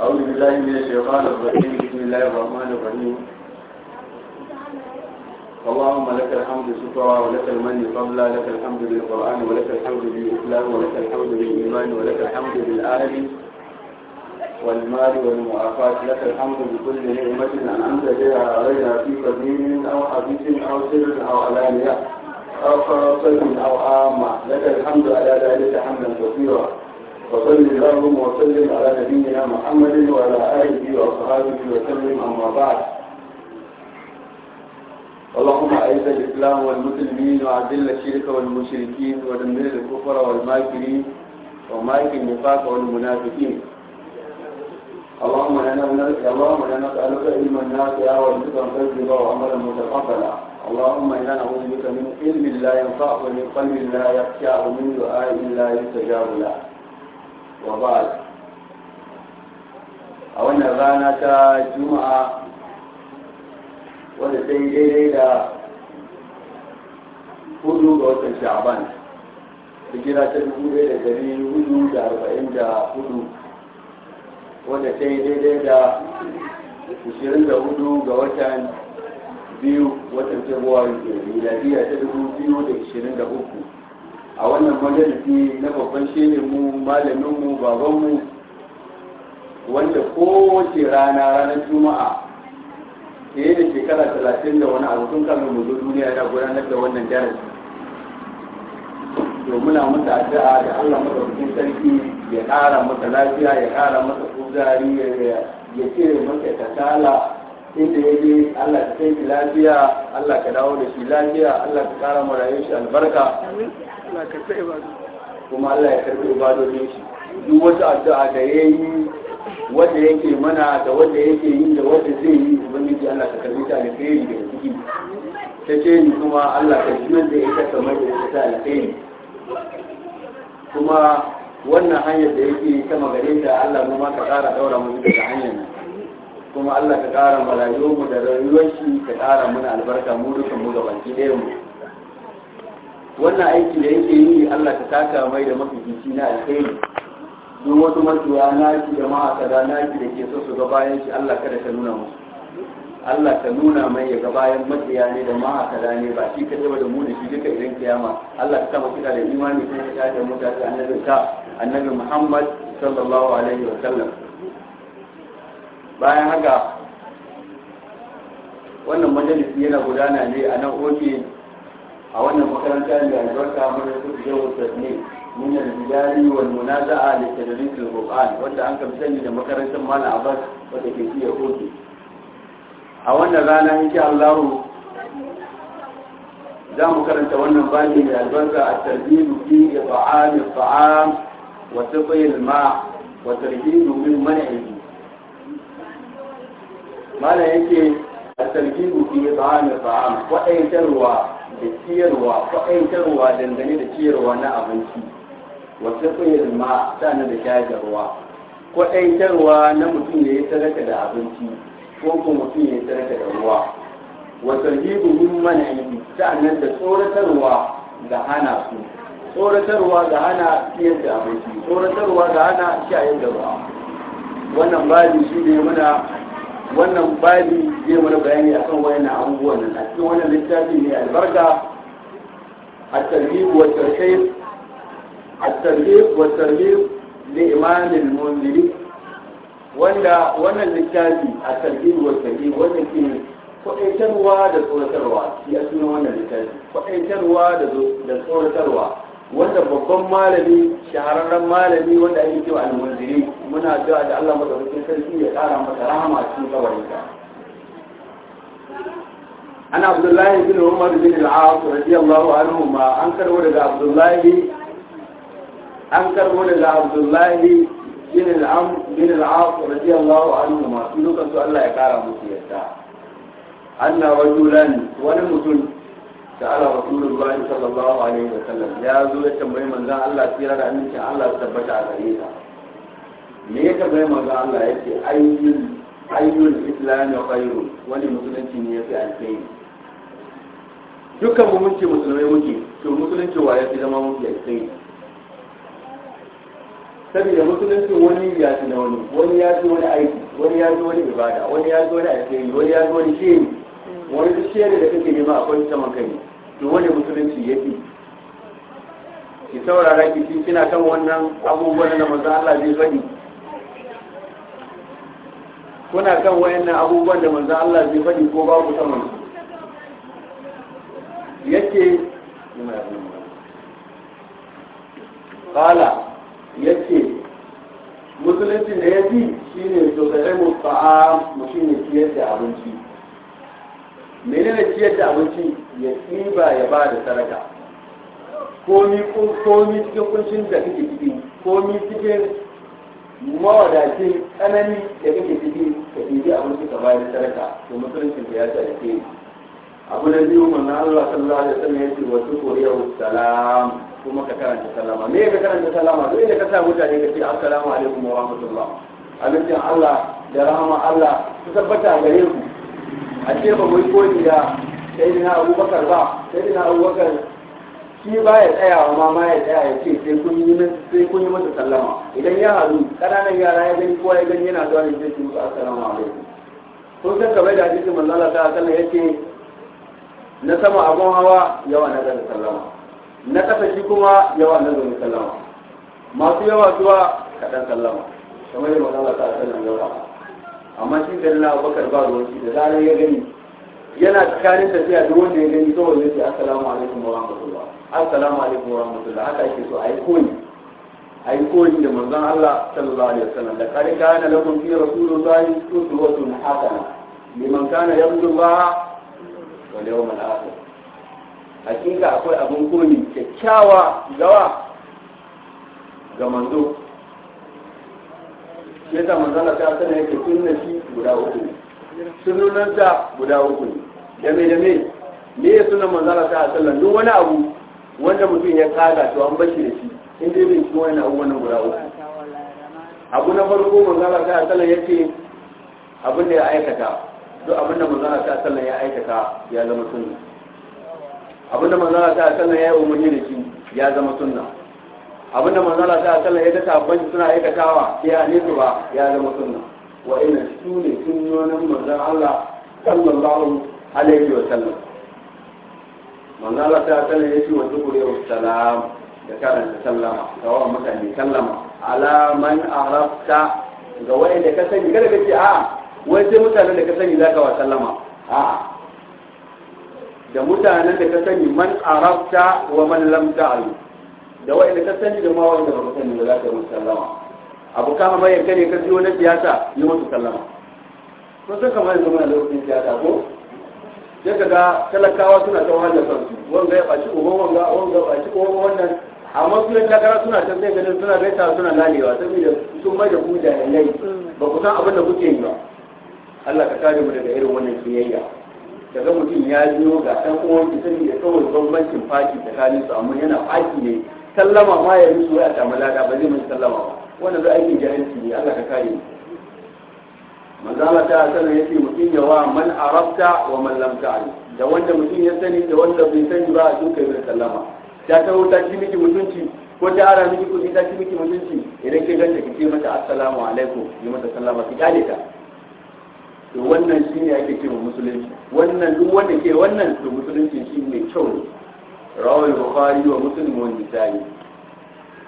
أعوذ بالله من الشيطان الرجيم بسم الله الرحمن الرحيم اللهم لك الحمد شكرا ولك المن قبلا لك الحمد بالقرآن ولك الحمد بالإسلام ولك الحمد بالإيمان ولك الحمد بالآل والمال والمعافاة لك الحمد بكل نعمة أنعمت بها علينا في قديم أو حديث أو سر أو علانية أو خاصة أو عامة لك الحمد على ذلك حمدا كثيرا وصل اللهم وسلم على نبينا محمد وعلى آله وأصحابه وسلم أما بعد اللهم أعز الإسلام والمسلمين وأذل الشرك والمشركين ودمر الكفر والماكرين وماكر النفاق والمنافقين اللهم نسالك اللهم انا نسألك علما نافعا ورزقا طيبا وعملا متقبلا اللهم إنا نعوذ بك من علم لا ينفع ومن قلب لا يخشع ومن دعاء لا يستجاب له wa a wannan rana ta juma'a wadda ta yi daidai da hudu ga watan sha'aban hijira ta dubu ɗaya da dari hudu da arba'in da hudu wadda ta yi daidai da ashirin da hudu ga watan biyu watan februari da miladiya ta dubu biyu da ashirin da uku a wannan majalisi na babban mu, malaminmu babanmu wanda kowace rana ranar juma'a fiye da shekara talatin da wani abu kan mu zo duniya da gudanar da wannan darasi to muna masa addu'a da Allah madaukakin sarki ya ƙara masa lafiya ya ƙara masa kuzari ya cire masa kasala inda ya je Allah ka kai lafiya Allah ka dawo da shi lafiya Allah ka kara mu rayuwar shi albarka Allah ka sai kuma Allah ya karbi ibadodin shi duk wata addu'a da yayi wanda yake mana da wanda yake yi da wanda zai yi ubangiji Allah ka karbi ta alheri da ciki ta ce ni kuma Allah ka ji nan da ita mai da ita ta ne kuma wannan hanyar da yake ta magare ta Allah mu ma ka kara daura mu da hanyar nan kuma Allah ka ƙara mu da rayuwar shi ka ƙara mana albarka mu duka mu ga baki ɗaya mu wannan aiki da yake yi Allah ka taka mai da mafifici na alkhairi duk wasu na naki da na naki da ke so su ga bayan shi Allah kada ka nuna musu Allah ka nuna mai ya ga bayan makiya ne da da ne ba shi ka ba da mu da shi duka idan kiyama Allah ka kama kira da imani sai ka tashi mutane annabin ka annabi Muhammad sallallahu alaihi wa sallam bayan haka wannan majalisi yana gudana ne a nan oke a wannan makaranta da albarka mana su da yau ne min al-bidari wal munaza'a li da al-qur'an wanda an kamta ne da makarantar a bas wadda ke iya oke a wannan rana yake allahu za mu karanta wannan bani da albarka a tarbiyyar fi fa'a al fa'a wa bayan ma wa tarhibu min man'ihi mana yake a tarjibu fi ta'ami ta'am kwaɗaitarwa da ciyarwa kwaɗaitarwa dangane da ciyarwa na abinci wasu tsayar ma sana da shayarwa kwaɗaitarwa na mutum ya yi sadaka da abinci ko kuma mutum ya yi sadaka da ruwa wasu tarjibu min yi sa'annan da tsoratarwa ga hana su tsoratarwa ga hana ciyar da abinci tsoratarwa ga hana shayar da ruwa wannan babi shi ne muna wannan babi zai mana bayani akan wayannan abubuwan a cikin wannan littafi ne albarka الترغيب والترهيب الترغيب والترهيب لإمام المنذر wanda wannan littafi a tarhib wa tarhib wanda ke kwaɗaitarwa da tsoratarwa shi a suna wannan littafi kwaɗaitarwa da tsoratarwa wanda babban malami shahararren malami wanda ake cewa almunziri muna addu'a da Allah madaukakin sarki ya ƙara mata rahama cikin kabarinta ana abdullahi bin umar bin al-as radiyallahu anhu ma an karbo daga abdullahi an karbo daga abdullahi bin al-am bin al-as radiyallahu anhu ma su dukan su Allah ya ƙara musu yadda anna rajulan wani mutum da ala rasulullahi sallallahu alaihi wa sallam ya zo ya tambayi manzon Allah tsira da amincin Allah tabbata a gare ta me ya bai ga Allah yake ayyun ayyul islami khairu wani musulunci ne yafi alkhairi dukkan mu mun ce musulmai muke to musulunci wa yafi zama muke alkhairi saboda musulunci wani ya fi na wani wani ya fi wani aiki wani ya fi wani ibada wani ya fi wani alkhairi wani ya fi wani shehi wani duk shehi da kake nema akwai saman kai to wani musulunci yafi ki saurara ki kina kan wannan abubuwan da manzo Allah zai faɗi kuna kan wayannan abubuwan da manzo Allah zai faɗi ko ba ku saman yake kala yake musulunci da ya fi shi ne sosai musta'a mu shi ne ciyar da abinci menene ciyar da abinci ya ba ya ba da ko komi komi cikin kuncin da kake ciki komi cikin mawadacin tsanani da kake ciki bayar sadaka to musulunci ya tsarki ne abu na biyu na Allah sallallahu alaihi wasallam wasu wa wasu salam kuma ka karanta salama me ka karanta salama Dole ne ka sa mutane ka ce assalamu alaikum wa rahmatullah abincin Allah da rahama Allah su tabbata gare ku a ce ba mai koyi da dina Abubakar ba sai dina Abubakar shi ba ya tsaya ma ma ya tsaya ya ce sai kun yi sai kun yi masa sallama idan ya haru ƙananan yara ya gani kowa ya gani yana zuwa ne sai su musu assalamu alaikum kun san kamar da hadisi manzo Allah ta sallallahu yake na sama abun hawa yawa na ga sallama na kasa shi kuma yawa na zo sallama masu yawa zuwa kaɗan sallama kamar yadda manzo Allah ta sallallahu yawa amma shi da Allah Abubakar ba ruwan shi da zarar ya gani yana tsakanin tafiya duk wanda ya gani saboda yake, assalamu alaikum wa rahmatullah assalamu alaikum wa rahmatullah haka yake so a yi koyi a yi koyi da manzon Allah sallallahu alaihi wasallam da kare kana lakum fi rasulillahi uswatun hasana liman kana yarju Allah wal yawmal akhir hakika akwai abin koyi kyakkyawa gawa ga manzo shi da manzon Allah ta sanar yake sunna shi guda uku ne sunnunansa guda uku ne da me da me ya sunan manzon Allah ta sallallahu duk wani abu wanda mutum ya kaga to an bashi da shi in dai kuma yana wani guda uku abu na farko manzana ta asalin ya ce abin da ya aikata duk abin da manzana ta asalin ya aikata ya zama sunna abin da manzana ta asalin ya yi umarni da shi ya zama sunna abin da manzana ta asalin ya ta abin suna aikatawa ya ne su ba ya zama sunna wa ina su ne sunnonin manzan Allah sallallahu alaihi wa sallam manzala ta asalan ya ce wa tukurewa salam da karanta sallama ga wa mutane sallama ala man arabta ga wani da ka sani kada ka ce a wai sai mutanen da ka sani za ka wa sallama a da mutanen da ka sani man arabta wa man lam ta'lam da wani da ka sani da ma wanda ba ka sani ba za ka yi musu sallama abu kama mai yanka ne ka ji wani siyasa yi musu sallama ko sun kamar yanzu mana lokacin siyasa ko sai ka ga talakawa suna ta wahalar kansu wanga ya ɓaci uban wanga wanga ɓaci uban wannan amma su ne takara suna can zai ganin suna ta suna lalewa saboda sun mai da ku jahilai ba ku san abin da kuke yi ba Allah ka kare mu daga irin wannan kiyayya daga mutum ya yi ga ɗan uwan ki sani da kawai bambancin faki tsakanin su amma yana faki ne sallama ma ya yi suwa a samu lada ba zai mai sallama ba wanda zai aikin jahilci ne Allah ka kare mu manzala ta sanar yake mutum ya wa man arabta wa man lam ta'lam da wanda mutum ya sani da wanda bai sani ba a duka bai sallama ta ta wuta ci miki mutunci ko ta ara miki kuɗi ta ci miki mutunci idan ke ganta ki ce mata assalamu alaikum ki mata sallama ki kyale ta to wannan shi ne ake cewa musulunci wannan duk wanda ke wannan to musulunci shi ne kyau ne rawai bukhari wa muslim wa nisa'i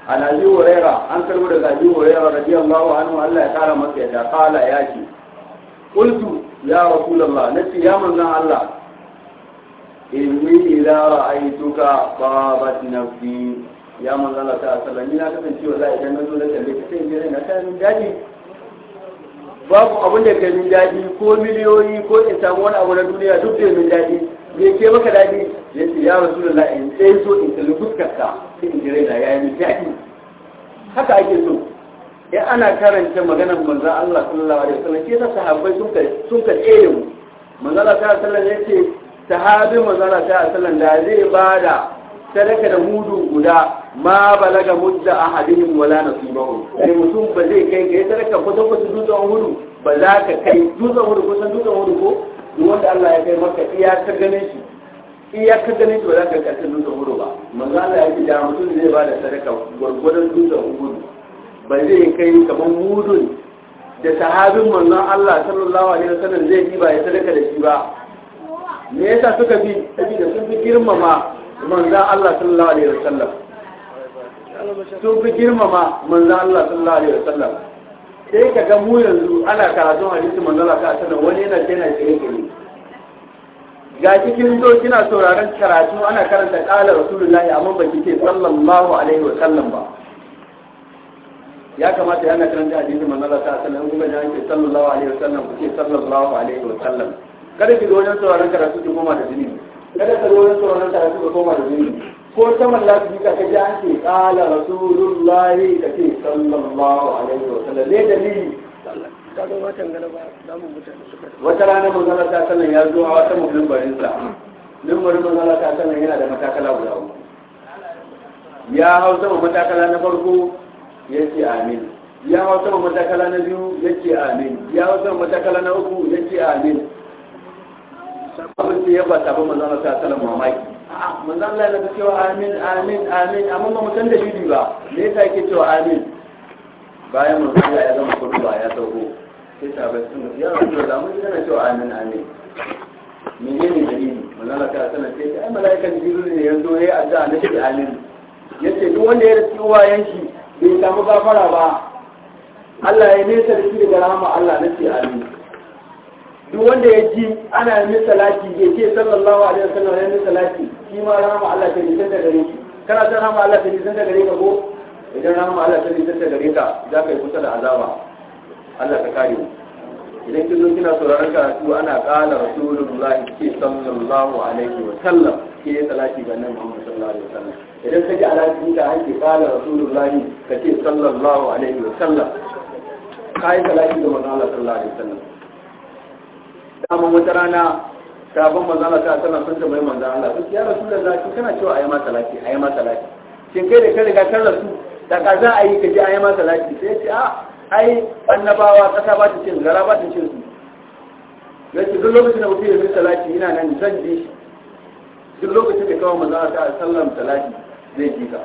an abi huraira an karbo daga abi huraira radiyallahu anhu Allah ya kara masa ya kala ya ce qultu ya rasulullah nati ya manzon Allah inni idza ra'aytuka babat nafsi ya manzo ta sallan ni na kasance wallahi idan nazo da kalle ka sai gare na ta min daɗi babu abin da kai min daɗi ko miliyoyi ko in samu wani abu na duniya duk da min daɗi me ke maka ya yace ya da in sai so in kalli fuskarka sai in gare na yayi min daɗi haka ake so in ana karanta maganar manzo Allah sallallahu alaihi wasallam ke sa sahabbai sun ka sun ka tsere mu manzo Allah sallallahu alaihi wasallam yace sahabi manzana ta asalan da zai bada sadaka da mudu guda ma balaga mudda ahadihim wala nasibahu sai mutum ba zai kai kai sadaka kusan kusan dutsen hudu ba za ka kai dutsen hudu kusan dutsen hudu ko wanda Allah ya kai maka iya ka ganin shi iya ka ganin shi ba za ka kai dutsen hudu ba manzo Allah ya ce da mutum zai bada sadaka gwargwadon dutsen hudu ba zai kai kamar mudun da sahabin manzon Allah sallallahu alaihi wasallam zai yi ba ya sadaka da shi ba me yasa suka bi da sun fi girmama manzan Allah sallallahu alaihi wasallam sun fi girmama manzan Allah sallallahu alaihi wasallam sai ka ga mu yanzu ana karatun hadisi manzan Allah sallallahu alaihi wani yana tana kire kire ga cikin zo kina sauraron karatu ana karanta qala rasulullahi amma ba kike sallallahu alaihi wasallam ba ya kamata yana karanta hadisin manzan Allah sallallahu alaihi wasallam kuma da yake sallallahu alaihi wasallam kike sallallahu alaihi wasallam kada ki zo wajen sauraron karatu ki koma da jini kada ka zo wajen sauraron karatu ka koma da jini ko ta lafiya ka ji an ce qala rasulullahi ka ce sallallahu alaihi wa sallam ne dalili mu wata rana manzala ta sanan ya zo a wata mutum barinsa limbarin manzala ta sanan yana da matakala guda uku ya hau sama matakala na farko ya ce amin ya hau sama matakala na biyu ya ce amin ya hau sama matakala na uku ya ce amin abin da ya bata ba manzo Allah ta mamaki a'a manzo Allah yana cewa amin amin amin amma ba mu san da shi ba me yasa yake cewa amin bayan manzo Allah ya zama kurba ya sauko sai sahabbai sun ce ya rasu da mu yana cewa amin amin menene dalili manzo Allah ta sanar sai ai malaikan jibril ne yanzu yayi addu'a na shi amin yace duk wanda ya rasu wayan shi bai samu gafara ba Allah ya nesa da shi daga rahama Allah na ce amin duk wanda ya ji ana yin salati ya ce sallallahu alaihi wasallam ya yi salati shi ma rahama Allah ta nisan da gare shi kana san rahama Allah ta nisan da gare ka ko idan rahama Allah ta nisan da gare ka za ka yi kusa da azaba Allah ka kare mu idan kin zo kina sauraron karatu ana kala rasulullahi ce sallallahu alaihi wasallam ke yi salati ga nan Muhammad sallallahu alaihi wasallam idan ka ji alaƙin ka hanke kala rasulullahi ka ce sallallahu alaihi wasallam ka yi salati ga manzo Allah sallallahu alaihi wasallam samun wata rana sabon na ta tana sun ta mai manzan Allah duk ya rasu da zaki kana cewa ayi masa laki ayi masa laki shin kai da ka riga kan rasu da ka za a yi ka je ayi masa laki sai ce a ah, ai annabawa kasa ba ta cin gara ba ta cin su ce duk lokacin da mutum ya fi salati ina nan zan ji shi duk lokacin da kawo maza na ta sallam salati zai ji ka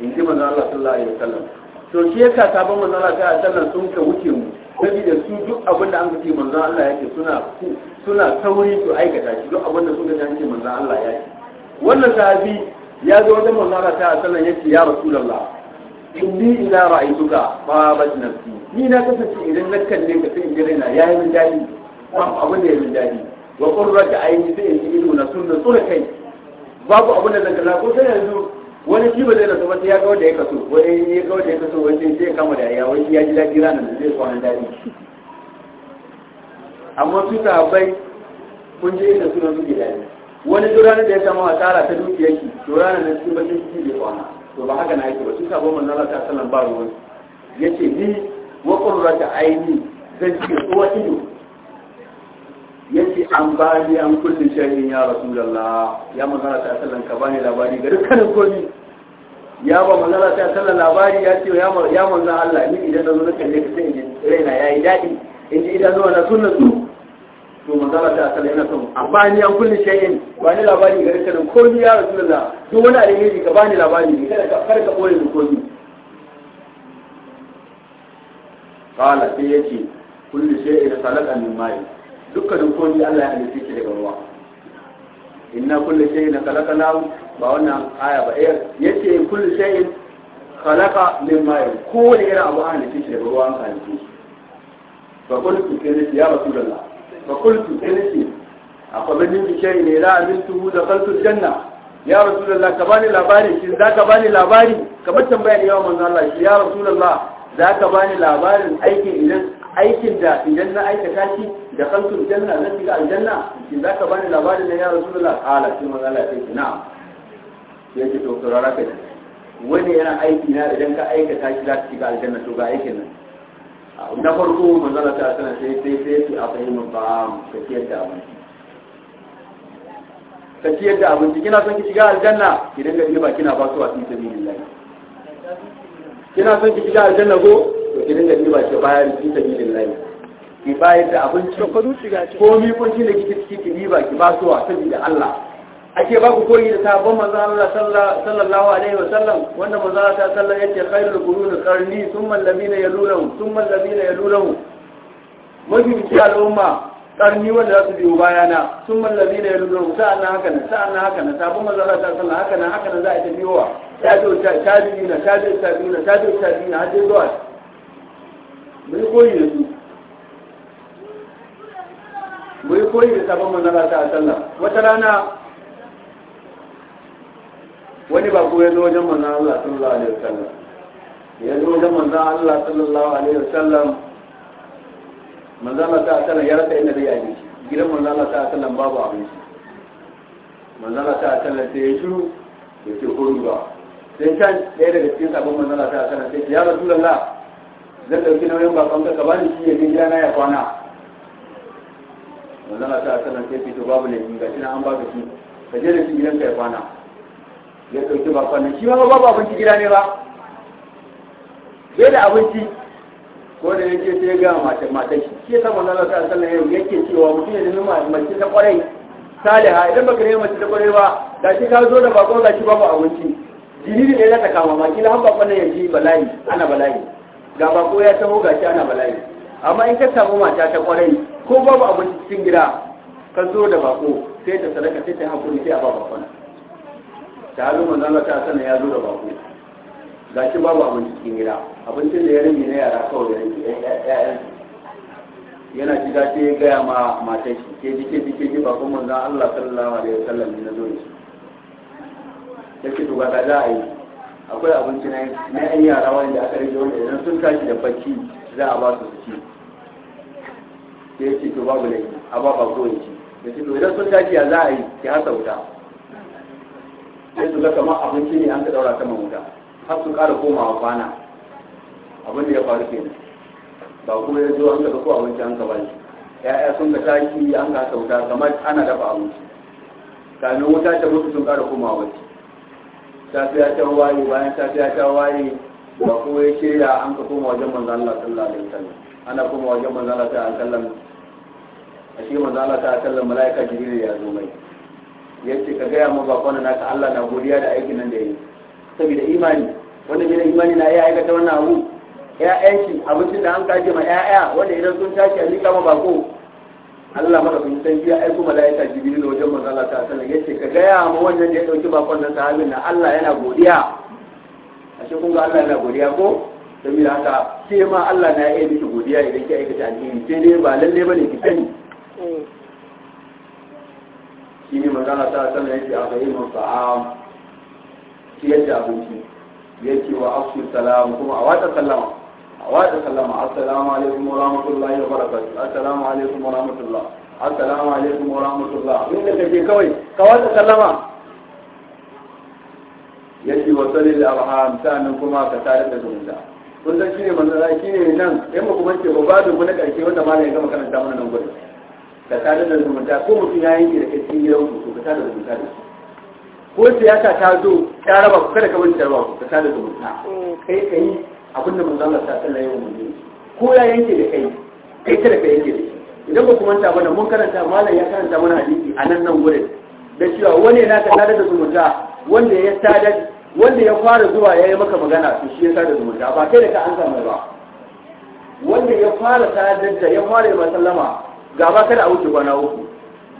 in ji manzan Allah sallallahu alaihi wasallam to shi yasa sabon manzan Allah ta sallam sun ka wuce mu saboda su duk abin da an ce manzan Allah ya ce suna suna sauri su aikata shi duk abin da suka ce manzan Allah ya ce wannan sahabi ya zo wajen manzan Allah ta sallan ya ce ya rasulullah inni ila ra'aytuka fa bat nafsi ni na kasance idan na kalle ka sai in ji raina yayi min dadi babu abin da yayi min dadi wa qurrata ayni sai in ji ido na sunna sunna kai babu abin da zan kalla ko sai yanzu wani shi ba zai rasu ba ya ga wanda ya kaso wani ya ga wanda ya kaso wani sai ya kama ya wani ya ji daɗi ranar da zai kwanan daɗi amma su bai kun je inda suna suke daɗi wani duk ranar da ya samu asara ta dukiyar shi to ranar da su bakin shi zai kwana to ba haka na yake ba su sabon manzon na ta sanar ba ruwan ya ce ni wa qurrata aini zan ce tsuwa ido ya ce an ba ni an kullum shahin ya Allah ya manzon ta sallan ka bani labari ga dukkanin komi ya ba manzala ta sallar labari ya ce ya manzan Allah ni idan na zo na kalle ka sai in ji raina ya yi daɗi in ji idan zuwa na sunna su to manzala ta sallar yana son Amma ni an kulle shayin ba ni labari gare ka ko ni ya rasu da duk wani alheri ka ba ni labari ne kada ka ɓoye ni ko ni. Kala sai ya ce kulle shayin salaka min mai dukkanin komi Allah ya halitta shi daga ruwa. inna kullu shay'in khalaqnahu ba wannan aya ba eh, yace kullu shay'in khalaqa min ma'in ko ne irin abu an halice shi da ruwan halice shi fa qultu kinisi ya rasulullah fa qultu kinisi akwai min shay'in ne la amintu da qaltu janna ya rasulullah ka bani labari shi za ka bani labari kamar tambaya ne yawan manzo Allah shi ya rasulullah za ka bani labarin aikin idan aikin da idan na aikata shi da kantun janna zan shiga aljanna shi za ka bani labarin na ya da kala shi manzo Allah sai na ya ce to saurara kai wani yana aiki na idan ka aikata shi za ka shiga aljanna to ga aikin nan na farko manzo Allah ta sanar sai sai sai ki a fahimta ba ka ciyar da abinci ka ciyar da abinci kina son ki shiga aljanna idan ka dinga ba kina ba su a cikin sabilillah kina son ki shiga aljanna ko to ki dinga diba ki bayar fi sabilillahi ki bayar da abinci ko mi kun da kike ciki ki diba ki ba suwa saboda Allah ake ba ku koyi da sabon manzo Allah sallallahu alaihi wa sallam wanda manzo Allah sallallahu alaihi yake khairul qurun qarni thumma allazina yalunhum thumma alladhina yalunhum mafi al'umma ƙarni wanda za su biyo bayana sun mallabi na yanzu zuwa sa'an na haka na sa'an na haka na sabon za ta sallah haka na haka na za a ta biyowa ta zo ta biyu na ta zo ta na ta zo yi na zuwa koyi da su bai koyi da sabon mazala ta sallah wata rana wani ba ya zo wajen manzan Allah sallallahu alaihi wasallam ya zo wajen manzan Allah sallallahu alaihi wasallam manzo Allah ta sallan ya rasa inda zai yi abinci gidan manzo Allah ta sallan babu abinci manzo Allah ta sallan sai ya shiru da ke horo ba sai can ɗaya daga cikin sabon manzo Allah ta sallan sai ya rasulullah zan ɗauki nauyin bakon ka bani shi ya gida na ya kwana manzo Allah ta sallan sai fito babu ne ga shi an baka shi ka je da shi gidan ka ya kwana ya ɗauki bakon shi ma babu abinci gida ne ba sai da abinci ko da yake sai ga mace mace shi ke sama na lafiya sannan yau yake cewa mutum ya nemi mace ta kwarai saliha idan baka nemi mace ta kwarai ba da shi ka zo da bako da shi babu abinci jiniri ne za ta kama ma kila har bakon nan bala'i ana bala'i ga bako ya taho ga shi ana bala'i amma in ka samu mata ta kwarai ko babu abinci cikin gida ka zo da bako sai ta sadaka sai ta hakuri sai a ba bakon ta halu manzon Allah ta sannan ya zo da bako ga shi babu abinci cikin gida abincin da ya rage na yara kawai da rage ƴaƴan yana shiga sai ya gaya ma matan shi ke ji ke ji ke ji bakon manzon Allah sallallahu alaihi wasallam ne na zo shi sai ki tuba ka za a yi akwai abinci na yan yara wanda aka rage wanda idan sun tashi da bacci za a ba su su ci sai ce to babu laifi a ba ba ko ci da ce to idan sun tashi ya za a yi ki hasa wuta sai su ga kamar abinci ne an ka daura saman wuta har su ƙara komawa kwana abin da ya faru kenan ba kuma ya zo an ka ko abinci an ka ne ya'ya sun ga taki an ka sauta kamar ana dafa abinci kamin wuta ta mutu sun ƙara koma wasu Tafiya ta waye bayan tafiya ta waye ba kuma ya shirya an ka koma wajen manzo Allah sallallahu alaihi wasallam ana koma wajen manzo Allah sallallahu alaihi wasallam a shi manzo Allah sallallahu alaihi wasallam malaika jibril ya zo mai yace ka gaya mu ba kwana naka Allah na godiya da aikin nan da yayi saboda imani wannan ne imani na ya aikata wannan abu ƴaƴan abincin da an kaje ma ƴaƴa wanda idan sun tashi a nika ma bako Allah maka sun san ya aiko malaika da wajen manzo ta ta ya yace ka gaya ma wannan da ya dauki bakon nan sahabin na Allah yana godiya A kun ga Allah yana godiya ko saboda haka ke ma Allah na iya miki godiya idan ki aikata alheri sai dai ba lalle bane ki sani shi ne manzo ta ta ya ce a bayyana a ciyar da abinci ce wa afshu salam kuma a watsa salama وعليكم السلام السلام عليكم ورحمة الله وبركاته السلام عليكم ورحمة الله السلام عليكم ورحمة الله من كتبه كوي كوات السلام yace wa salil arham sanan kuma ka kun san shine manzara nan in muku bace ba babu ku na wanda malam ya gama karanta mana nan ka tare da zumunta ko mutum ya yanke da kai cikin gidan ku ka tare da zumunta da ko siyasa ta zo ta raba ku kada ka bari raba ku ka tare da zumunta mm. kai kai abin da manzo Allah sallallahu alaihi wasallam ya ko ya yanke da kai kai kada ka yanke da shi idan ba kuma ta bana mun karanta malam ya karanta mana hadisi a nan nan gurin da cewa wani yana ka sadar da zumunta wanda ya sadar wanda ya fara zuwa ya yi maka magana to shi ya sadar zumunta ba kai da ka an samu ba wanda ya fara sadar da ya fara yi sallama ga ba kada a wuce kwana uku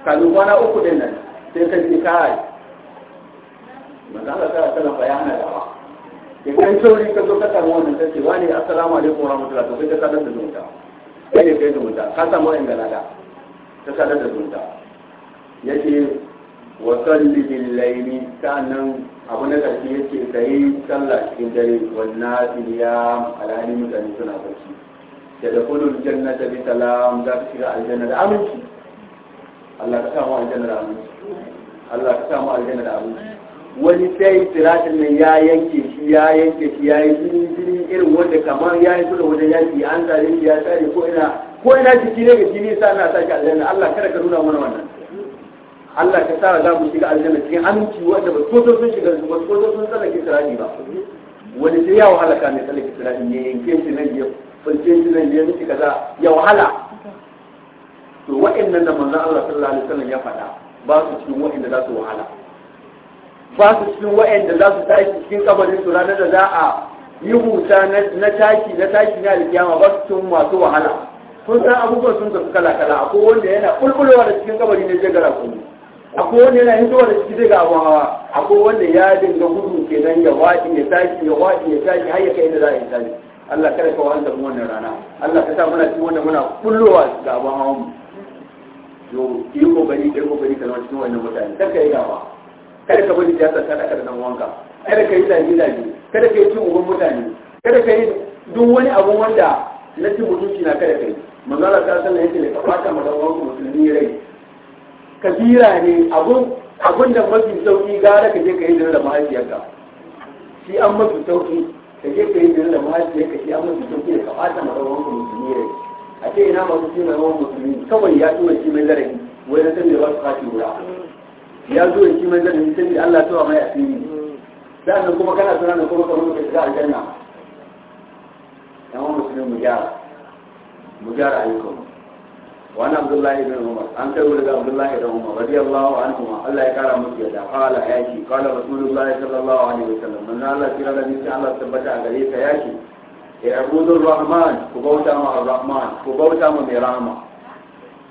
kafin kwana uku din nan sai ka ji kai manzo Allah sallallahu alaihi wasallam ya hana da in kai sauri ka zo ka samu wannan ta ce wani assalamu alaikum wa rahmatullah to kai ka sadar da zumunta kai ne kai zumunta ka samu wa'in galada ta sadar da zumunta ya ce wa salli bil laili sa'annan abu na karshe ya ce ka yi sallah cikin dare wannan filiya alhali mutane suna barci da da kulul jannata bi salam za ka shiga aljanna da aminci Allah ka samu aljanna da aminci Allah ka samu aljanna da aminci wani sai siratin nan ya yanke shi ya yanke shi ya yi jini jini irin wanda kamar ya yi tura wajen yaki an tsare shi ya tsare ko ina ko ina jiki ne ga jini sa na sa shi aljanna Allah kada ka nuna mana wannan Allah ka sa za mu shiga aljanna cikin aminci wanda ba so sun shiga ba so sun tsara tsallake sirati ba wani sai ya wahala ka ne tsara tsallake sirati ne yanke shi nan ya fulce shi nan ya miki kaza ya wahala to wa'annan da manzon Allah sallallahu alaihi wasallam ya faɗa ba su cikin wa'anda za su wahala ba su cikin wa'anda za su tashi cikin kabarin su ranar da za a yi huta na taki na taki na alkiyama ba su cikin masu wahala kun san abubuwan sun tafi kala kala akwai wanda yana kulkulowa da cikin kabari ne zai gara kuma akwai wanda yana hitowa da ciki zai ga abun hawa akwai wanda ya dinga gudu nan ya waɗi ya tashi ya waɗi ya tashi har ya kai inda za a yi tashi Allah kada ka wanda mu wannan rana Allah ka sa muna cikin wanda muna kullowa ga abun hawa mu yo yi kokari kai kokari kana cikin wannan mutane gawa kada ka bari siyasa ta daka da wanka kada ka yi zaji-zaji. kada ka yi cin uban mutane kada ka yi duk wani abun wanda na cin mutunci na kada ka yi manzo Allah ta sanar yake da kafata ma dan wanka musulmi rai kabira ne abun abun da mafi sauki gara ka je ka yi da da mahaifiyarka shi an mafi sauki ka je ka yi zina da mahaifiyarka shi an mafi sauki da kafata ma dan wanka musulmi rai a ce ina masu cin musulmi kawai ya tura shi mai zarafi wai na san da ba su kafi wura ya zo ya kima zan yi sai Allah tawa mai asiri sannan kuma kana tunanin kuma kamar ka shiga aljanna yawan musulmi mu gyara mu gyara ayyukanmu وعن عبد الله بن عمر عن تولد عبد الله بن عمر رضي الله عنهما الله يكرم مسجدا قال ياكي قال رسول الله صلى الله عليه وسلم من الله في هذا النبي الله ثبت على غريب ياكي اعبدوا الرحمن كبوتا مع الرحمن كبوتا مع ميراما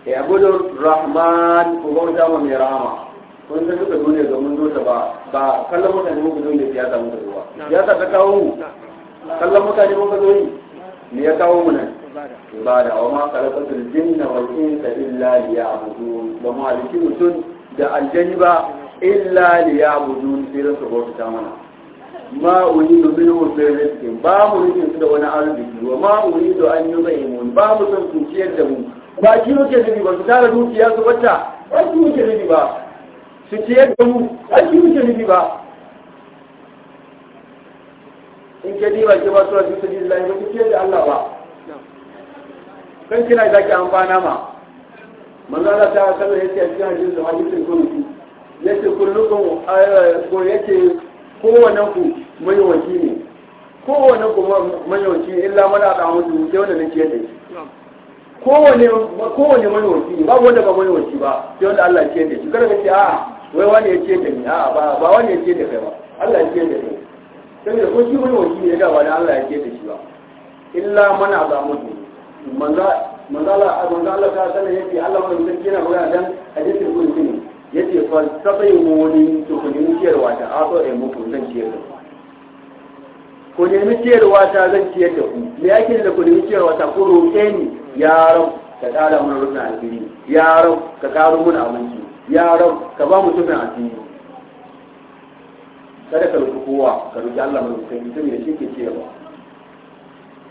اعبدوا الرحمن كبوتا مع ميراما mun ta suka zo ne domin mun ta ba ba kallon mutane muka zo ne siyasa muka zo ba siyasa ta kawo mu kallon mutane mun zo ne me ya kawo mu nan ibada wa ma khalaqatul jinna wal insa illa liya'budun ba ma aliki mutum da aljanni ba illa liya'budun sai da su ta mana ma uridu minhu min rizqin ba mu ridin su da wani arziki wa ma do an yuzaimun ba mu son su ciyar da mu ba shi yake nabi ba su tara dukiya su wata ba shi yake nabi ba su ce yadda mu an shi wuce nufi ba in ke diba ke ba sura bisa lillahi ba ku ciyar da Allah ba kan kina zaki amfana ma manzo Allah ta da alaihi a cikin hadisin hadisin kullu yace kullukum eh, ko yace kowannen ku mai ne kowane kuma manyanci illa mana da mutu sai wanda nake yadda shi kowane kowane manyanci ba wanda ba manyanci ba sai wanda Allah ke yadda shi kada ka ce a'a wai wani ya ce da ni a'a ba wani ya ce da kai ba Allah ya ce da kai da kuma shi wani wakili ya ga wani Allah ya ce da shi ba illa man azamu manzo manzo Allah manzo Allah ta sanar yake Allah wannan sarki yana magana dan hadisin kullu ne yace fa sabai wani to ku nemi ciyarwa ta aso da eh, muku zan ciyar da ku nemi ciyarwa ta zan ce da ku me yake da ku nemi ciyarwa ta ku roƙe ni ya rab ka ƙara mana rufin alfiri ya rab ka ƙaro mana abinci ya rab ka ba mu a asiri kada ka rufe kowa ka rufe Allah mai rufin mutum da shi ke cewa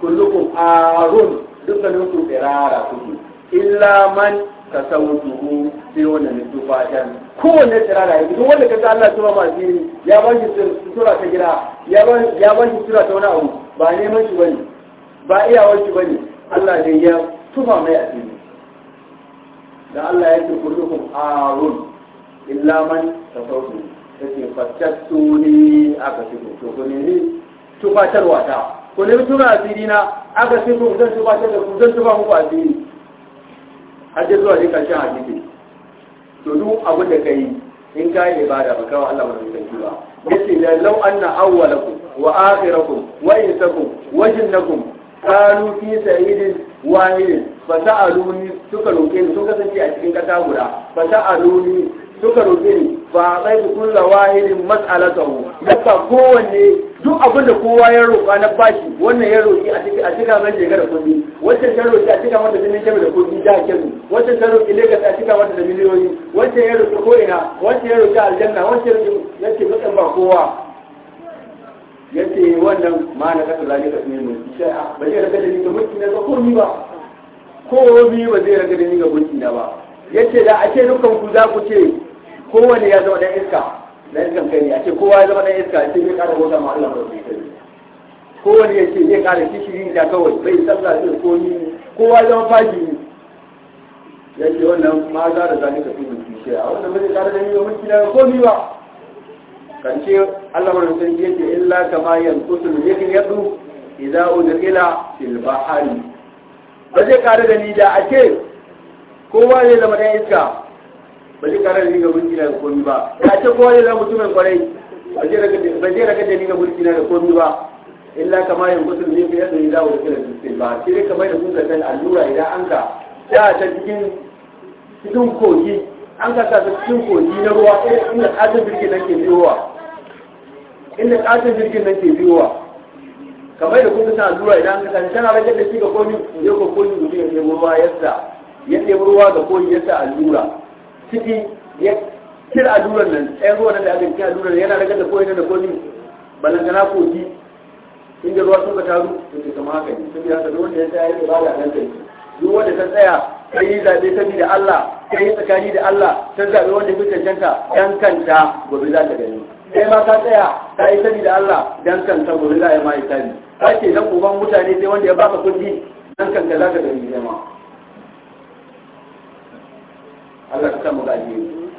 kullukum arun dukkanin ku tsirara kuke illa man ka sautuhu sai wanda ne su fatan kowanne tsirara yake duk wanda ka ga Allah tuba ma asiri ya ba shi sutura ta gida ya ba shi sutura ta wani abu ba neman shi bane ba iyawar shi bane Allah ne ya tuba mai a asiri da Allah yake kullukum arun illa man tasawwu take fatattu ne aka shigo to ku nemi tufatarwa ta ku nemi tura asiri na aka shigo zan tufatar da ku zan tufa muku asiri hajjar zuwa dai karshen hadisi to duk abin da kai in ka yi ibada ba kawo Allah mai sarki ba yace da law anna awwalakum wa akhirakum wa insakum wa jinnakum qalu fi sa'idin wahidin a sa'aluni suka roƙe ni sun kasance a cikin kasa guda a sa'aluni suka roƙe ni fa sai kullu wahidin mas'alatahu yaka kowanne duk abin da kowa ya roƙa na bashi wannan ya roƙi a cikin a cikin mai jega da kuɗi wancan ya roƙi a cikin wanda da miliyan da kuɗi da kebu wacce ya roƙi Lagos a cikin wanda da miliyoyi wancan ya roƙi ko ina wancan ya roƙi aljanna wacce ya roƙi yake mutan ba kowa yace wannan ma na kasa zalika ne shi a ba zai raga da ni ga mulki na ba ko ni ba ko ni ba zai raga da ni ga mulki na ba yace da ake nukan ku za ku ce kowane ya zama dan iska dan iskan kai ne a ce kowa ya zama dan iska ce zai kara wata ma Allah ba zai kai kowane ya ce zai kara kishiri da kawai bai sallah sai ko ni kowa ya zama faji ne yace wannan ma za da zalika ne mulki a ah, wannan ba zai kara da ni ga mulki na ko ni ba kance Allah mai sarki yake illa kama yanqutul yadu idza udkhila fil bahari ba zai kare da ni da ake kowa ne zama dan iska ba zai kare da ni ga burkina da komi ba da ake kowa ne zama mutumin kwarai ba zai raka da ni ga burkina da komi ba illa kama yanqutul yadu idza udkhila fil bahari sai kamar da kun ga allura idan an ka da ta cikin cikin kogi an ka sa cikin kogi na ruwa eh, inda ƙasar jirgin nan ke biyowa inda ƙasar jirgin nan ke biyowa kamar da kuma sa zuwa idan ka sani tana rage da shi ga kogi ya ga kogi mutum ya ɗebo ruwa ya sa ya ɗebo ruwa ga kogi ya sa allura ciki ya kira alluran nan ɗaya ruwa nan da aka kira nan yana rage da kogi da kogi balantana kogi inda ruwa sun ka taru da ke kama haka ne saboda haka duk wanda ya tsaya ya ba da hankali duk da ta tsaya ta yi zaɓe da Allah ta yi tsakani da Allah ta zaɓe wanda ya fi cancanta dan kanta gobe za ta gani sai ma ka tsaya ta yi da Allah dan kanta gobe za ya yi ma ita ne ka ce uban mutane sai wanda ya baka kuɗi dan kanta za ka gani sai ma Allah ka samu gaji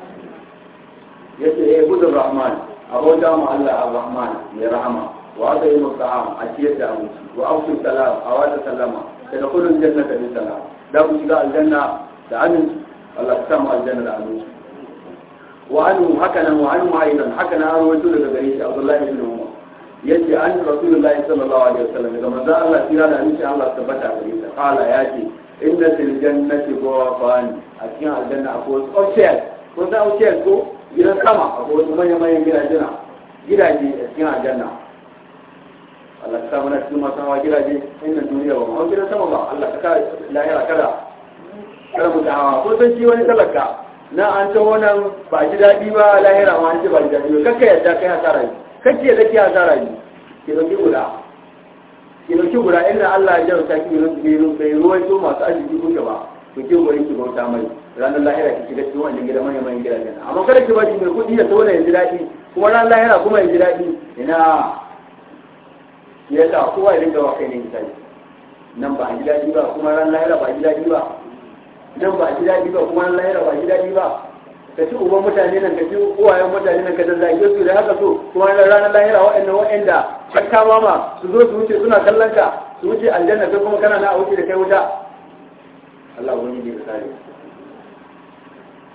yace ya eh, budur rahman abota mu Allah ar-rahman ya rahama wa aka yi mutaham a ciyar da abinci wa afsu salam a wata salama da da kullum janna ka bi na. da ku shiga aljanna da amin Allah ta mu aljanna da amin wa anu haka nan wa anu aidan haka nan an rawaito daga gare shi Abdullahi ibn Umar yace an Rasulullahi sallallahu alaihi wasallam daga manzo Allah tira da aminci Allah tabbata gare shi qala yace inna fil jannati ghawafan a cikin aljanna akwai wasu hotel ko za hotel ko gidan sama akwai wasu manyan manyan gidaje gidaje a cikin aljanna Allah ka samu na cikin masu hawa gidaje inda duniya ba hawa gidan sama ba Allah ka kare lahira kada kada mu hawa ko san shi wani talaka na an ta wannan ba ji daɗi ba lahira ma an ji ba ji daɗi ba kakka yadda kai hasara ne kake da ke hasara ne ke dauki guda ke dauki guda inda Allah ya jarumta ki yi yi ruwan su masu arziki kuke ba ku ke gori ki bauta mai ranar lahira ki shiga cikin wannan gida manyan manyan gidajen amma kada ki bari mai kuɗi ya tona ya ji daɗi kuma ranar lahira kuma ya ji daɗi ina ya yasa kowa ya rinka kai ne misali nan ba a ji daɗi ba kuma ran lahira ba a ji daɗi ba nan ba a ji daɗi ba kuma ran lahira ba a ji daɗi ba ka ci uban mutane nan ka ci uwayen mutane nan ka zazzage su da haka so kuma ranar lahira waɗannan waɗanda kan kama ma su zo su wuce suna kallon ka su wuce aljanna sai kuma kana na a wuce da kai wuta Allah wani ne misali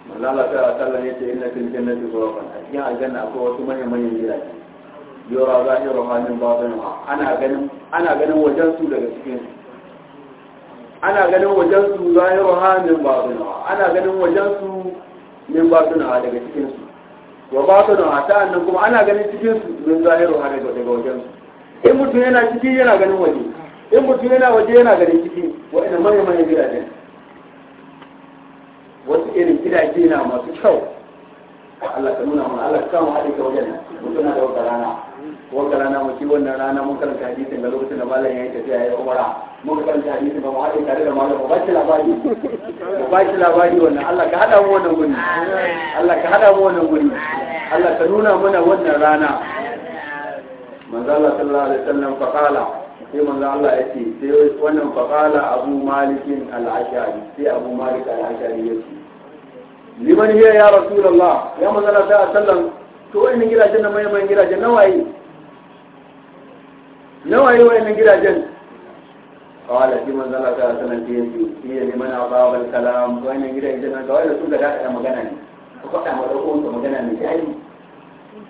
manzo Allah ta Allah ne ta sallam ya ce inna fil jannati ghurafan a cikin aljanna akwai wasu manyan manyan gidaje yura zahiraha min batiniha ana ganin ana ganin wajen su daga cikin su ana ganin wajen su yi zahiraha min batiniha ana ganin wajen su min batiniha daga cikin su wa da hata annan kuma ana ganin cikin su min zahiraha daga daga wajen su in mutum yana ciki yana ganin waje in mutum yana waje yana ganin ciki wa ina manyan manyan gidajen wasu irin gidaje na masu kyau Allah ka nuna mana Allah ka kama haɗe ka wajen mutum na da wata rana wanda rana mu ci wannan rana mun karanta hadisin da lokacin da malam ya yi tafiya ya umara mun karanta hadisin ba mu haɗe tare da malam ba shi labari ba shi labari wannan Allah ka hada mu wannan guri Allah ka hada mu wannan guri Allah ka nuna mana wannan rana manzo Allah sallallahu alaihi wasallam fa qala sai manzo Allah ya ce sai wannan fa qala Abu Malik al-Ashari sai Abu Malik al-Ashari ya ce liman hiya ya rasulullah ya manzo Allah sallallahu alaihi wasallam to wannan gidajen nan mai mai gidajen nawaye nawa ne wayannan gidajen kawai shi manzo Allah ta sanar da yake shi ne liman ababal kalam wannan gidajen ga wanda sun ga da magana ne a faɗa ma ɗan magana mai daɗi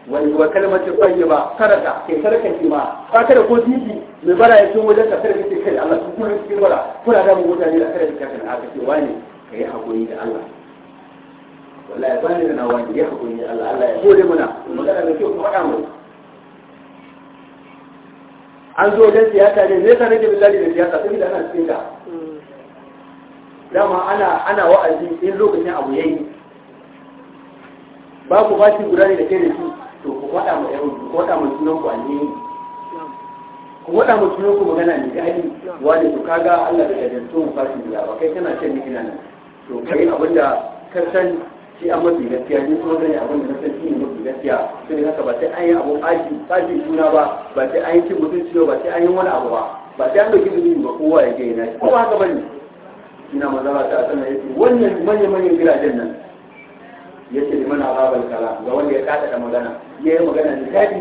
wani wa kalmar tsaye ba saraka kai saraka ce ma ba ka da ko titi mai bara ya tun wajen kafar da kai Allah su kuma cikin bara kuna da mu mutane da kare da kafin aka ce wani ka yi haƙuri da Allah wallahi bani da na wani ya haƙuri da Allah Allah ya gode muna magana da kyau ku faɗa mu an zo wajen siyasa ne nesa nake misali da siyasa sai da ana cikin da dama ana ana wa'azi in lokacin abu yayi ba ku bashi guda ne da ke da su to ku faɗa ma yau ku faɗa ma sunan ku ne ku faɗa ma sunan ku magana ne dadi wani to kaga Allah da gajanto mu fashi da ba kai kana shan ni ina nan to kai abinda ka san shi a mafi gaskiya ni kuma zan yi abin da na san shi ne mafi gaskiya sai ne haka ba sai an yi abu aji aji juna ba ba sai an yi cin ciwo ba sai an yi wani abu ba ba sai an dauki zunubi ba kowa ya na shi kuma haka ba ne ina maza ba ta sanar yace wannan manyan manyan gidajen nan yace liman azabal kala ga wanda ya kada da magana yi magana ne dadi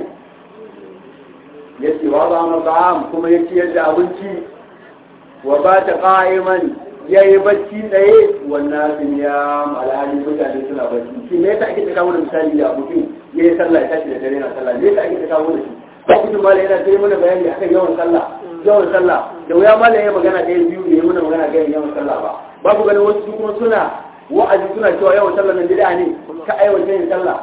yace wa ba ma ba'am kuma ya yace yadda abinci wa ba ta qa'iman ya yi bacci tsaye wannan sun ya malali mutane suna bacci shi ne ta ake taka wani misali da mutum ya yi sallah ya tashi da dare na sallah ne ta ake taka wani shi ta kuma malai yana sai mana bayani akan yawan sallah yawan sallah da wuya malai ya magana ɗaya biyu ne mana magana ga yawan sallah ba babu ganin wasu kuma suna wa'azi suna cewa yawan sallah na bid'a ne ka aiwata yin sallah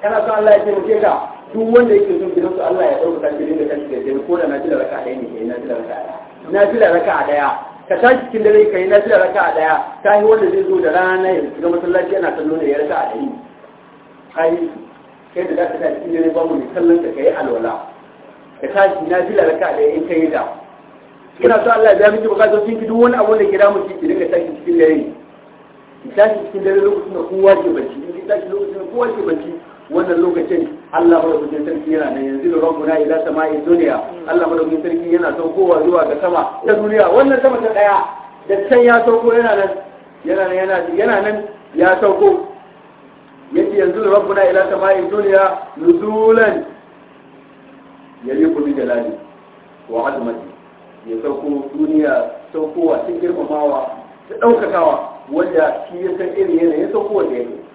kana son Allah ya taimake ka duk wanda yake son gidan su Allah ya dauka ka cikin da kashi da ko da na jira raka raka'a ne na jira raka'a na ji da raka'a daya ka tashi cikin dare ka yi na tsira raka a ɗaya Ta yi wanda zai zo da rana ya shiga masallaci yana kallo ne ya raka a ɗari ka yi kai da za ka tashi cikin dare babu mai kallon ka yi alwala ka tashi na shida raka a ɗaya in ka yi da kina so Allah ya miki bukatun sun duk wani abu da ke damu ki dinga tashi cikin dare ki tashi cikin dare lokacin da kowa ke bacci in ki tashi lokacin da kowa ke bacci wannan lokacin Allah madaukakin sarki yana nan yanzu da rabbuna ila sama'i duniya Allah madaukakin sarki yana saukowa zuwa ga sama ta duniya wannan sama ta daya da can ya sauko yana nan yana nan yana yana nan ya sauko yace yanzu da rabbuna ila sama'i duniya nuzulan yaliqu bi jalali wa azmati ya sauko duniya saukowa cikin girmamawa da daukakawa wanda shi ya san irin yanayin saukowa da yake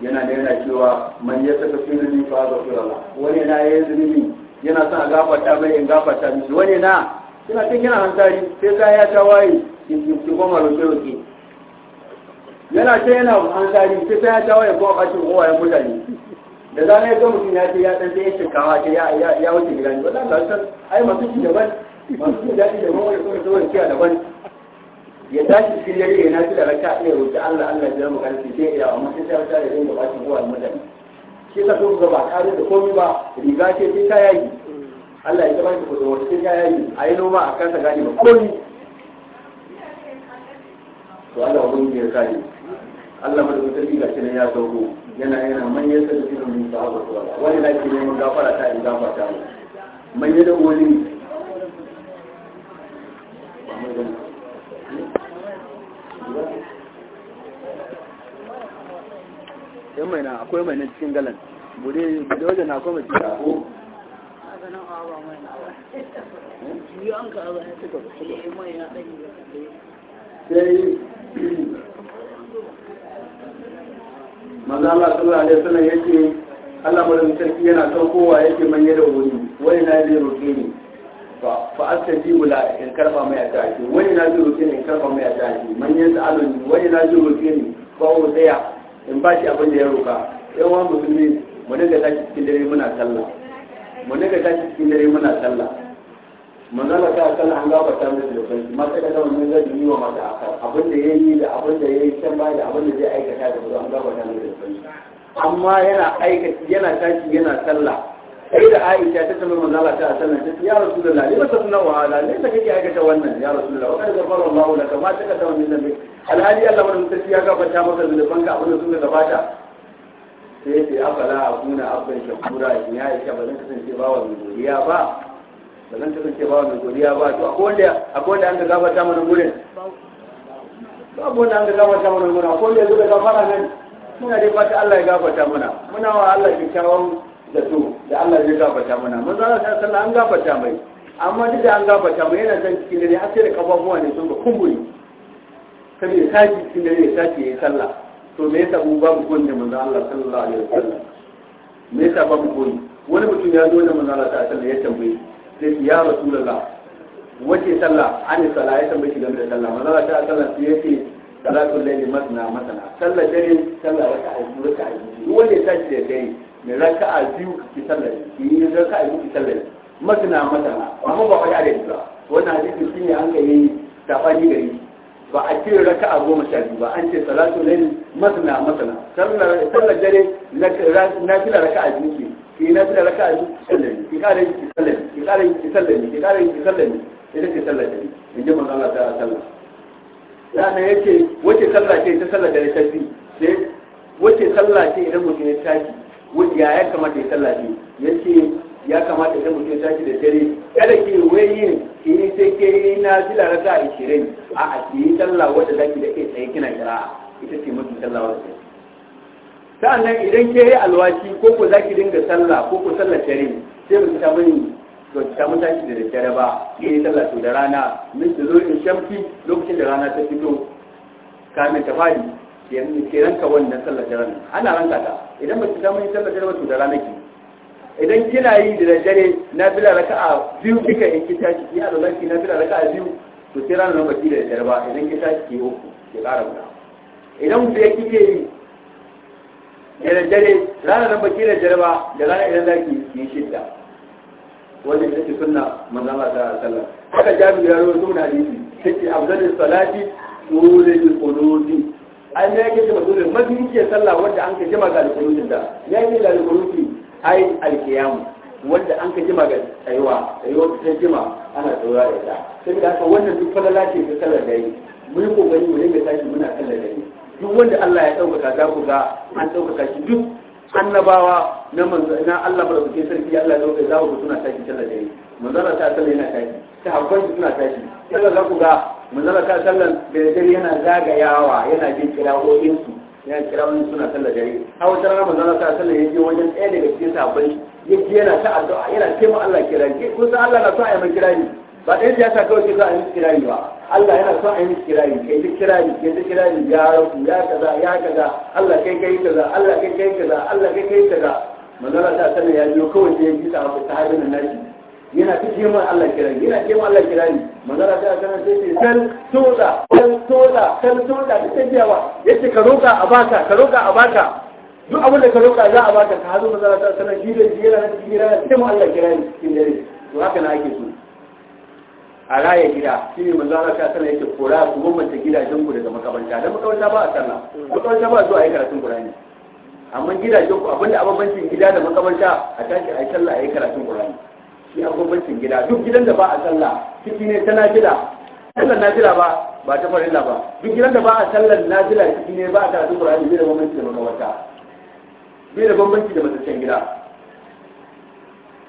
yana da yana cewa man ya saka firni fa ga firala wani na ya yi zunubi yana son a gafarta mai in gafarta mishi wani na suna cikin yana hankali sai za ya ta waye ki goma roke roke yana ce yana hankali sai sai ya ta waye goma ko waye mutane da za ya ga mutum ya ce ya ɗan sai ya shikawa ce ya wuce gidan ba za ka san ai masu ci daban masu ci daɗi daban wani kuma zuwa ciya daban ya tashi cikin dare ya nafi da raka ya roƙi Allah Allah ya mu karfi ke ya amma sai ta ta da yin da bakin kowa mutane shi ka so ga ba kare da komai ba riga ce sai ta yayi Allah ya tabbata ku da wani sai ta yayi ayi noma a kansa gani ba komai to Allah ubun ya kare Allah ba da mutunci ga shi ne ya sauko yana yana manyan sa da cikin mun ba wani lafi ke neman gafara ta in gafarta mu manyan da wani ba mun yan mai na akwai mai na cikin galan bude bude wajen na akwai mai cikin galan manzala sallallahu alaihi wasallam yake Allah mulkin sarki yana saukowa yake manye da wuri wani na zai roƙe ni fa astajibu la in karba mai atashi wani na zai roƙe ni in karba mai atashi man yasa alun wani na zai roƙe ni ko sai in ba shi abin da ya roka yawan musulmi mu ga tashi cikin dare muna sallah mu ga tashi cikin dare muna sallah manzala ta sallah an gaba ta da dokoki ma sai da wannan zai yi wa mata abin da yayi da abin da yayi can ba da abin da zai aikata da an gaba ta da dokoki amma yana aikata yana tashi yana sallah sai da Aisha ta tambaye manzo Allah ta sallan ta ya Rasulullah lima tasna wa ala ne ta kake aikata wannan ya Rasulullah wa qad ghafara Allahu laka ma taqaddama min dhanbi alhali Allah mun tafi ya gafarta maka zunuban ka abin da suka gabata sai ya ce afala akuna abban shakura in ya Aisha ba zan kasance ba wa godiya ba ba zan kasance ba wa godiya ba to akwai wanda akwai wanda an ga gafarta mana gurin babu wanda an ga gafarta mana gurin akwai wanda ya zo da gafara ne muna dai fata Allah ya gafarta mana muna wa Allah kyakkyawan da su da Allah zai gafarta mana manzo Allah ta sallah an gafarta mai amma duk da an gafarta mai yana san cikin dare har sai da kafafuwa ne sun ga kumburi sai ya tashi cikin dare ya tashi ya sallah to me yasa mu babu gunne manzo Allah sallallahu alaihi wasallam me yasa babu gunne wani mutum ya zo da manzo Allah sallallahu alaihi wasallam ya tambaye sai ya rasulullah wace sallah ani sallah ya tambaye shi game da sallah manzo Allah sallallahu alaihi wasallam ya ce salatul layli masna masna sallah dare sallah wata ayyuka ayyuka wanda ya tashi da kai mai raka'a biyu ki sallar ki yi raka'a biyu ki sallar masana masana amma ba faɗi da ba wannan hadisi shine an kai sabani gari ba a ce raka a goma sha biyu ba an ce salatu lail masana masana sallar dare na fila a biyu ke ki na fila raka'a biyu ki sallar ki kare ki sallar ki kare ki sallar ki kare ki sallar ita ce sallar dare in ji manzo Allah ta sallar sannan yake wace sallah ce ta sallar dare ta biyu sai wace sallah ce idan mutum ya tashi ya ya kamata ya tallafi ya ce ya kamata ya mutum ya da dare kada ke wayin ki yi sai ke yi na zilara raka ashirin a a ke yi talla wadda zaki da ke tsaye kina kira'a ita ce mafi sallah wadda sa'annan idan ke yi alwashi ko ko zaki dinga talla ko ko sallah dare sai mu ta mani to ta mun tashi da dare ba ke yi talla to da rana min zo in shamfi lokacin da rana ta fito kamin ta fadi yanzu ke ranka wannan sallar da ranar ana ranka ta idan ba ki samu yin sallar da to da ranar ki idan kina yi da dare na bila raka'a biyu kika in ki tashi ki a lalaki na bila raka'a biyu to sai ranar ba ki da dare ba idan ki tashi ki uku ki ƙara guda idan ku ya ke yi da dare ranar ba ki da dare ba da rana idan za ki yi shidda wanda ita ce sunna manzon Allah ta sallar haka jami'ar yaro zuwa hadisi take abdul salati qulul quludi ai me yake da mazuri mazuri ke sallah wanda an ka jima ga alƙunutin da ya yi da alƙunuti ai alƙiyamu wanda an ka jima ga tsayuwa tsayuwa ta jima ana tsayuwa da ita saboda haka wannan duk falala ce ta sallar dare mun yi kokari mu dinga tashi muna sallar dare duk wanda Allah ya ɗaukaka za ku ga an ɗaukaka shi duk annabawa na manzo na Allah madaukakin sarki Allah ya dauke zawo suna tashi sallar dare manzara ta sallar yana tashi ta hakkon suna tashi sai za ku ga manzara ta sallar da dare yana zagayawa yana jin kirawoyin su yana kirawoyin suna sallar dare a wata rana manzara ta sallar ya je wajen ɗaya daga cikin sabon yake yana ta addu'a yana taimaka Allah ke ko sai Allah na so a yi mai kirani ba ɗaya ya sa kawai ke za a yi kirari ba Allah yana son a yi kirari kai ta kirari kai ta kirari ya rabu ya kaza ya kaza Allah kai kai kaza Allah kai kai kaza Allah kai kai kaza manzala ta sanar ya biyo kawai sai ya ji sa ta hajjin nashi yana ta ce mai Allah kirari yana ce mai Allah kirari manzala ta sanar sai ce sal toda sal toda sal toda ta tajiyawa yace ka roƙa a baka ka roƙa a baka duk abin da ka roƙa za a baka ka hazo manzala ta sanar shi da shi yana ta kirari sai mu Allah kirari cikin dare to haka na ake so a raya gida shi ne manzo Allah ta sanar yake kora su mamanta gidajen ku daga makabarta da makabarta ba a sallah makabarta ba zuwa yi karatun Qur'ani amma gidajen ku abinda ababancin gida da makabarta a tashi yi sallah a yi karatun Qur'ani shi ababancin gida duk gidan da ba a sallah ciki ne ta nafila sallar nafila ba ba ta farilla ba duk gidan da ba a sallar nafila ciki ne ba a karatun Qur'ani bai da bambanci da makabarta bai da bambanci da matsacin gida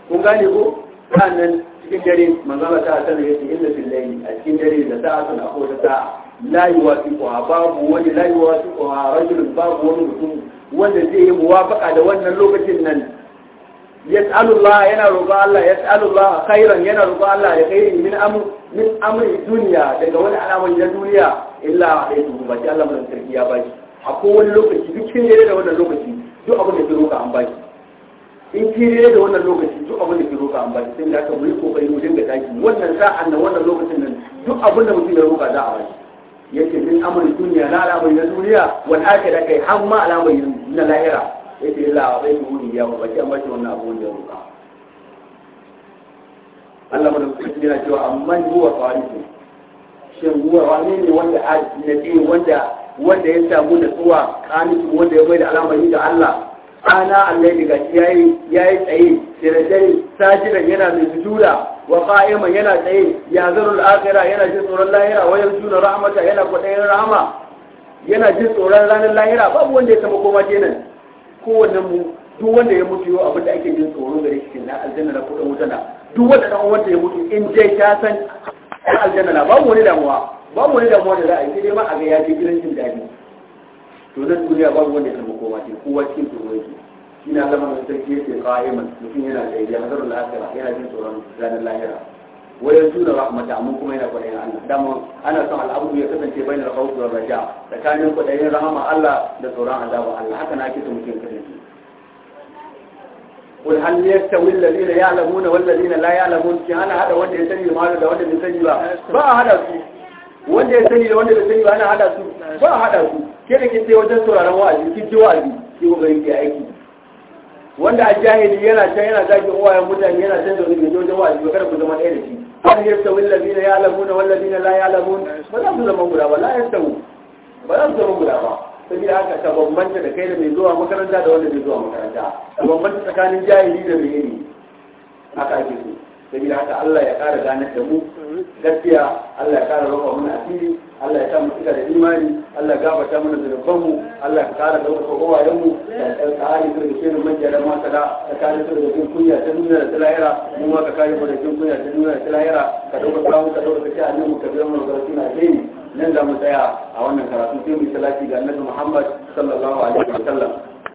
kun gane ko sannan cikin dare manzala ta ne yake inda fillayi a cikin dare da ta na ko ta la yuwafiquha babu wani la yuwafiquha rajulun babu wani mutum wanda zai yi muwafaka da wannan lokacin nan Allah yana roƙo Allah Allah khairan yana roƙo Allah ya kai min amu min amri duniya daga wani al'amari na duniya illa alayhi ba Allah mun tarbiya ya bashi a kowane lokaci duk cikin dare da wannan lokaci duk abin da ke roƙa an bashi in kire da wannan lokaci duk abin da ke roƙa an baki sai da aka muri kokari mu dinga taki wannan sa'an nan wannan lokacin nan duk abin da mutum ya roƙa za a baki yace min amal duniya na al'amari bayna duniya wal akhira kai har ma yin na lahira yace illa wa bai duhu ya ba baki an baki wannan abin da ya roƙa Allah mun ku yana cewa ni huwa farisu shin huwa wani ne wanda a wanda wanda ya samu tsuwa kanisu wanda ya bai da yin da Allah ana allai daga yayi yayi tsaye sirajai sajidan yana mai sujuda wa qa'ima yana tsaye ya zarul akhirah yana jin tsoron lahira wa yarjuna rahmata yana kwadayin rahama yana jin tsoron ranar lahira babu wanda ya taba koma kenan kowanne mu duk wanda ya mutu yau abin da ake jin tsoro gare shi na aljanna na kudin wutana duk wanda dan wanda ya mutu in dai ta san aljanna babu wani damuwa babu wani damuwa da za a yi sai dai ma a ga ya ji gidan jin daɗi to nan duniya babu wanda ya samu koma ce kowa cikin tsoro yake shi na zama mai sarki yake qa'iman mutum yana da ya hazarul lahira yana jin tsoron ranar lahira wayan jura rahmata amma kuma yana kwaɗayin Allah dama ana son al'abu ya kasance na rahoto da raja tsakanin kwaɗayin rahama Allah da tsoron azaba Allah haka na kisa mutum kasance قل هل يستوي الذين يعلمون والذين لا يعلمون كي انا هذا وجه سني ما هذا وجه سني با هذا wanda ya sani da wanda bai sani ba ana hada su ba a hada su ke da kin sai wajen sauraron wa'azi kin ji wa'azi ki kokari ki aiki wanda a jahili yana can yana zagin uwayen mutane yana can da zai wajen wa'azi ba kada ku zama ɗaya da shi kan yastawi alladhina ya'lamuna wal ladina la ya'lamun ba za su zama guda ba la yastawi ba za su zama guda ba saboda haka ka bambanta da kai da mai zuwa makaranta da wanda bai zuwa makaranta ka bambanta tsakanin jahili da mai yini haka ake so sabida haka Allah ya kara gane da mu gaskiya Allah ya kara roƙa mana asiri Allah ya sa mu cika da imani Allah ya gafarta mana zunuban mu Allah ya kara dauka kowayen mu da tsari da shirin manja da maka da ka kare su da jin kunya ta nuna da mu ma ka kare mu da jin kunya ta nuna da ka ka ka biya mana na nan za mu tsaya a wannan karatu sai mu salati ga annabi Muhammad sallallahu alaihi